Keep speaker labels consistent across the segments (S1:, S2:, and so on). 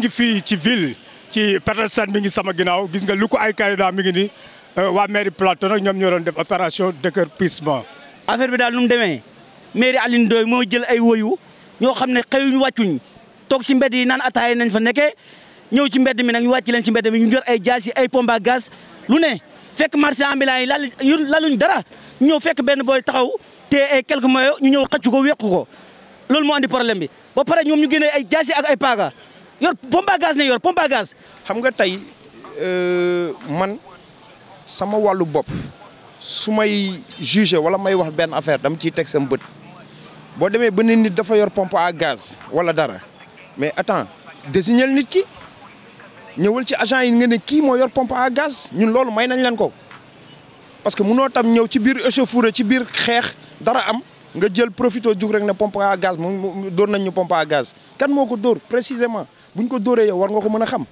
S1: ngi fii ci ville ci Petersen mi ngi sama ginnaaw gis nga lu ko ay candidat mi ngi ni euh, waa mairie Plateau nag ñoom ñoo doon def opération déguerpissement. bi daal nu mu demee mairie Alioune Ndoye moo jël ay woyu ñoo xam ne xëyuñ wàccuñ toog si mbedd yi naan ataaya nañ fa nekkee ñëw ci mbedd mi nag ñu wàcc leen ci mbedd mi ñu jor ay jaas yi ay pompe à lu ne fekk marché ambulant yi laluñ laluñ dara ñëw fekk benn booy taxaw te ay quelques moyens ñu ñëw xëcc ko wéqu ko loolu moo andi problème bi ba pare ñoom ñu génnee ay ak ay paaga. yor pompe à gaz ne yor pompe à gaz. xam nga tey euh, man sama wàllu bopp su may jugé wala may wax benn affaire dama ciy teg sam bët boo demee ba ne nit dafa yor pompe à gaz wala dara mais attends désignel nit ki ñëwal ci agent yi nga ne kii moo yor pompe à gaz ñun loolu may nañ leen ko parce que mënoo tam ñëw ci biir échauffourée ci biir xeex dara am. nga jël profito djuk rek ne pompe à gaz mo dóor nañ ñu pompe à gaz kan moko dor précisément buñ ko doré yow war nga ko mën xam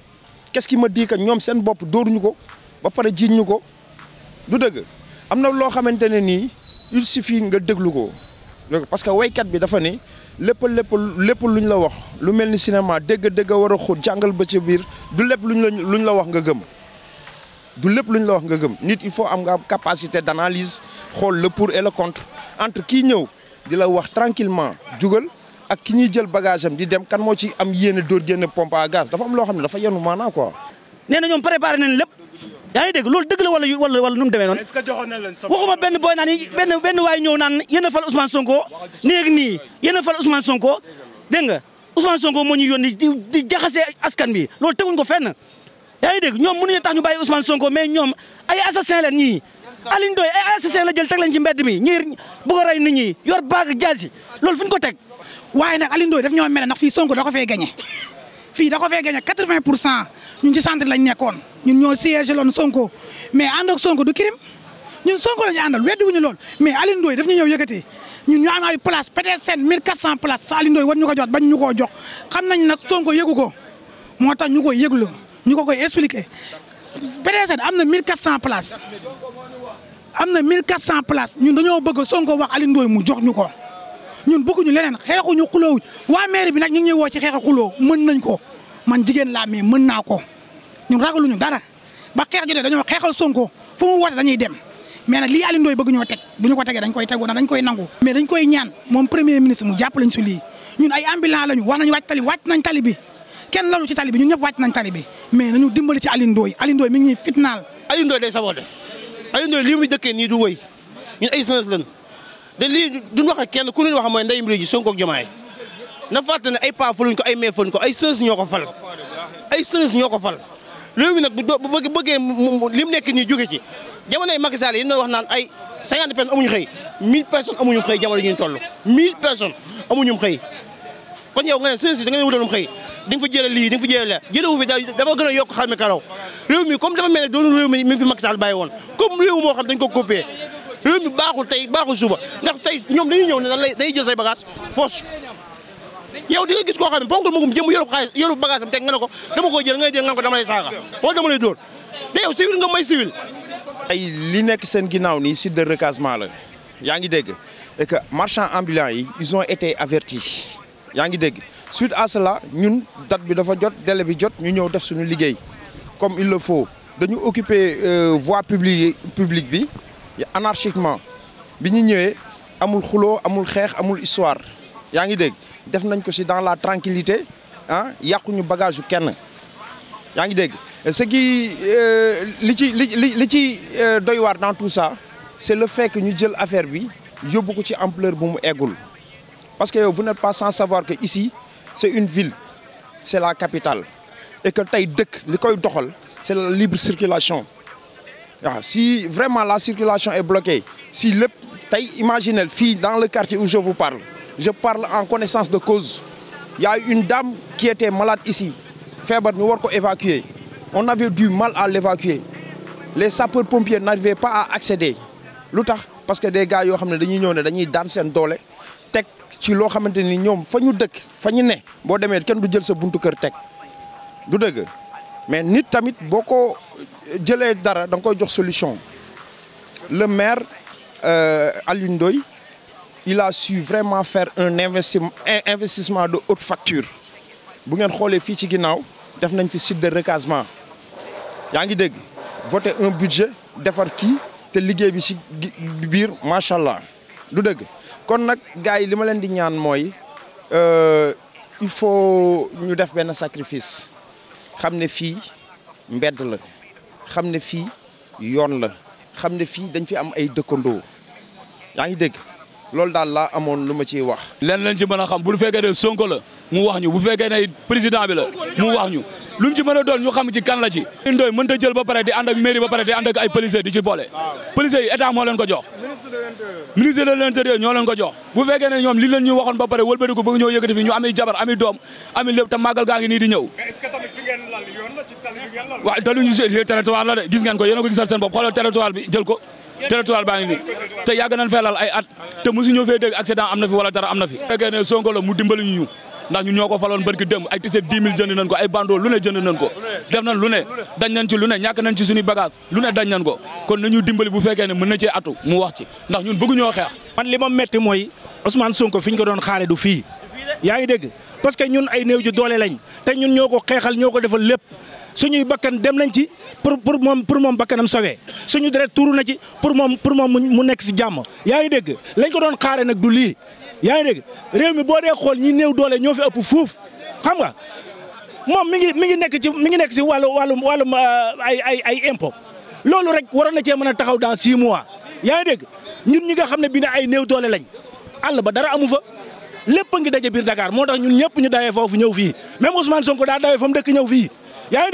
S1: qu'est-ce qui me dit que ñom sen bop dóoruñu ko ba paré jiiñ ñu ko du deug amna lo xamantene ni il suffit nga déglu ko parce que way kat bi dafa ne lepp lepp lepp luñ la wax lu melni cinéma dégg dégg war a jangal ba ci bir du lepp luñ la luñ la wax nga gëm du lepp luñ la wax nga gëm nit il faut am nga capacité d'analyse xol le pour et le contre entre kii ñëw di la wax tranquillement jugal ak ki ñuy jël bagage di dem kan moo ci am yéene dóor génne pompe à gaz dafa am loo xam ne dafa yenu maanaa quoi. nee na ñoom préparé nañ lépp yaa ngi dégg loolu dëgg la wala wala wala nu mu demee noonu. est-ce que joxoon na leen waxuma benn booy naan benn benn waay ñëw naan yéen a fal Ousmane Sonko néeg nii yéen a fal Ousmane Sonko dégg nga Sonko moo ñu yónni di di jaxase askan bi loolu teguñ ko fenn yaa ngi dégg ñoom mënuñu tax ñu bàyyi Ousmane Sonko mais ñoom ay assassin leen Alioune Ndoye ay assassin la jël teg leen ci mbedd mi ñii bëgg a rey nit ñi yor jaasi loolu fu ko teg. waaye nag Alioune Ndoye daf ñoo mel ndax fii Sonko da ko fee gagné fii da ko fee gagné 80 pour cent ñun ci centre lañ nekkoon ñun ñoo siège loon Sonko mais ànd ak Sonko du crime ñun Sonko lañu àndal weddi wuñu lool mais Alioune Ndoye daf ñu ñëw yëkkatee ñun ñu am ay place peut-être seen 1400 place sa Alioune Ndoye war ñu ko jot bañ ñu koo jox xam nañ nag Sonko yëgu ko moo tax ñu koy yëglu ñu ko koy expliqué PDS am na 1400 places am na 1400 place ñun dañoo bëgg Sonko wax Aliou Ndoye mu jox ñu ko ñun ñu leneen xeexuñu xuloowuñ waa mairie bi nag ñu ñëw woo ci xeexu xuloo mën nañ ko man jigéen laa mais mën naa ko ñun ragaluñu dara ba xeex jotee dañoo xeexal Sonko fu mu woote dañuy dem mais nag lii Aliou Ndoye bëgg ñoo teg bu ñu ko tegee dañ koy tegu na dañ koy nangu. mais dañ koy ñaan moom premier ministre mu jàpp lañ su lii ñun ay ambulant lañu war nañ wàcc tali wàcc nañ tali bi. kenn lalu ci tali bi ñun ñëpp wàcc nañ tali bi mais nañu dimbali ci Alioune Ndoye Alioune Ndoye mi ngi ñuy fitnaal. Alioune day saboté Alioune Ndoye dëkkee nii du wëy ñun ay sens lañ de lii duñ wax ak kenn ku ñu wax mooy ndeyum réew ji Sonko ak Jomaay na fàttali ay paa faluñ ko ay mee faluñ ko ay sens ñoo ko fal ay sens ñoo ko fal réew mi nag bu doo bu bëggee li mu nekk nii jóge ci jamonoy Macky Sall yi ñu wax naan ay cinquante personnes amuñu xëy mille personnes amuñu xëy jamono yi ñu toll mille personnes amuñu xëy kon yow nga ne sens da nga ne wutalum xëy di nga fa lii di nga fa jëlee la jëlewu fi dafa gën a yokk xar mi karaw réew mi comme dafa mel ne doonu réew mi mi fi Macky Sall bàyyi woon comme réew moo xam dañ ko copier réew mi baaxul tey baaxul suba ndax tey ñoom dañuy ñëw ne lan lay day jël say bagage force yow di nga gis koo xam ne ponkal magum jëm yorub xaalis yorub bagage am teg nga ne ko dama koy jël ngay jël nga ko dama lay saaga wala dama lay dóor te yow civil nga may civil ay li nekk seen ginnaaw nii si de recasement la yaa ngi dégg que marchands ambulants yi ils ont été avertis yaa ngi dégg suite à cela ñun date bi dafa jot délai bi jot ñu ñëw def suñu liggéey comme il le faut dañu occuper euh, voie publique publique bi anarchiquement bi ñu ñëwé amul xulo, amul xex, amul histoire yaa ngi dégg def nañ ko ci dans la tranquillité ah hein? ñu bagage kenn yaa ngi dégg ce qui euh, li ci li ci euh, doy war dans tout ça c'est le fait que ñu jël affaire bi yobbu ko ci ampleur bu mu parce que yow vous n'êtes pas sans savoir que ici c'est une ville c'est la capitale et que tu as c'est la libre circulation si vraiment la circulation est bloquée si le imaginez imaginez fille dans le quartier où je vous parle je parle en connaissance de cause il y a une dame qui était malade ici fièvre, nous avons évacuer on avait du mal à l'évacuer les sapeurs-pompiers n'arrivaient pas à accéder parce que des gars ils ont dañuy ñëw ci lo xamanteni ñom fañu fa dëkk fa né bo boo demee kenn du jël sa buntu kër teg du dëgg mais nit tamit boko jëlé dara dang koy jox solution le maire euh, Alioune Ndoye il a su vraiment faire un investissement investissement de haute facture bu ngeen xolé fi ci ginnaaw def nañ fi site de recasement yaa ngi voter un budget défar ki te liggéey bi ci bir machallah du dëgg. kon nag gars yi li ma leen di ñaan mooy euh, il faut ñu def benn sacrifice xam ne fii mbedd la xam ne fii yoon la xam ne fii dañ fi am ay dëkkandoo yaa ngi dégg loolu daal laa amoon lu ma ciy wax. len lañ ci mën a xam bu fekkee ne Sonko la mu wax ñu bu fekkee ne président bi la mu wax ñu lu mu ci mën a doon ñu xam ci kan la ci. Ndoye mënut jël ba pare di ànd ak mairie ba pare di ànd ak ay policiers di ci boole. policiers yi état moo ko jox. ministre de l'intérieur ñoo leen ko jox bu fekkee ne ñoom li leen ñu waxoon ba pare wëlbati ko bëgg ñoo yëkkati fi ñu ami jabar ami doom ami lépp te màggal gaa ngi nii di ñëw. mais est-ce ñu territoire ko a ko gisal seen bi jël ko territoire baa ngi nii te yàgg nañ fee lal ay at te mosu ñoo fee dégg accident am na fi wala dara am na fi fekkee ne Sonko la mu dimbali ñu ndax ñu ñoo ko faloon barki dem ay tiset 10 000 jënd nañ ko ay bandeau lu ne jënd nañ ko def nañ lu ne dañ nañ ci lu ne ñàkk nañ ci suñuy bagage lu ne dañ nañ ko kon na ñu dimbali bu fekkee ne mën na cee atu mu wax ci ndax ñun bëggu ñoo xeex man li ma metti mooy Ousmane Sonko fi ñu ko doon xaare du fii yaa ngi dégg parce que ñun ay néew ju doole lañ te ñun ñoo ko xeexal ñoo ko defal lépp ñuy bakkan dem nañ ci pour pour moom pour moom bakkanam sowee suñu deret tuuru na ci pour moom pour moom mu nekk si jàmm yaa ngi dégg lañ ko doon xaare nag du lii yaa ngi dégg réew mi boo dee xool ñi néew doole ñoo fi ëpp fuuf xam nga moom mi ngi mi ngi nekk ci mi ngi nekk si wàllu wàllu wàllum euh, ay ay ay impôt loolu rek waroon na cee mën a taxaw dans six mois yaa ngi dégg ñun ñi nga xam ne bi ne ay néew doole lañ àll ba dara amu fa lépp a ngi bir biir Dakar moo tax ñun ñëpp ñu dajee foofu ñëw fii même Ousmane Sonko daa dawee fa mu dëkk ñëw fii yaa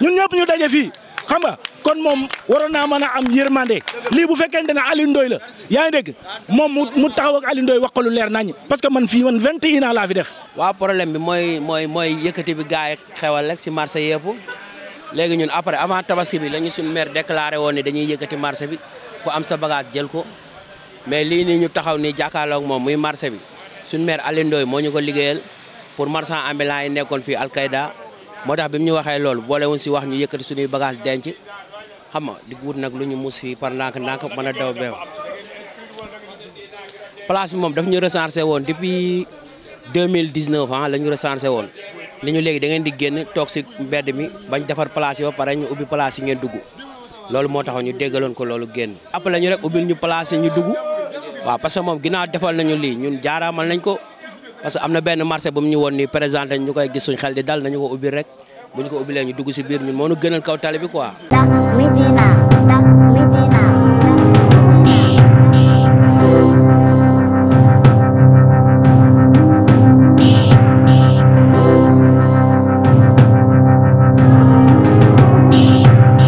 S1: ñun ñëpp ñu daje fii xam nga kon mom waroon naa am yërmande lii bu fekkente ne Alioune Ndoye la yaa ngi dégg moom mu mu taxaw ak Alioune Ndoye wax ko lu leer nañ parce que man fii man vingt ans laa fi def. waaw problème bi bi xewal rek marché ñun après avant tabaski bi suñu maire déclaré dañuy marché bi ku am sa bagage jël ko mais lii nii ñu taxaw nii jàkkaarloog moom muy marché bi suñ maire Alioune Ndoye moo ñu ko liggéeyal pour marchand ambulant yi nekkoon fii Alkaïda moo tax bi ñu waxee loolu boole wuñ si wax ñu yëkkati suñuy bagage denc xam nga di wut mus par ndànk-ndànk mën daw beew place bi daf ñu recensé woon depuis 2019 ah la ñu recensé woon ni ñu léegi da ngeen di génn toog si mbedd mi bañ defar place yi ba pare ñu ubbi place ngeen dugg ñu ko loolu génn rek ubbil ñu place ñu waaw parce que moom ginnaaw defal nañu lii ñun jaaraamal nañ ko parce que am na benn marché bu mu ñu woon ni présenté ñu koy gis xel di dal nañu ko ubbi rek bu ñu ko ubbi ñu dugg si biir ñun moo nu gënal kaw tali bi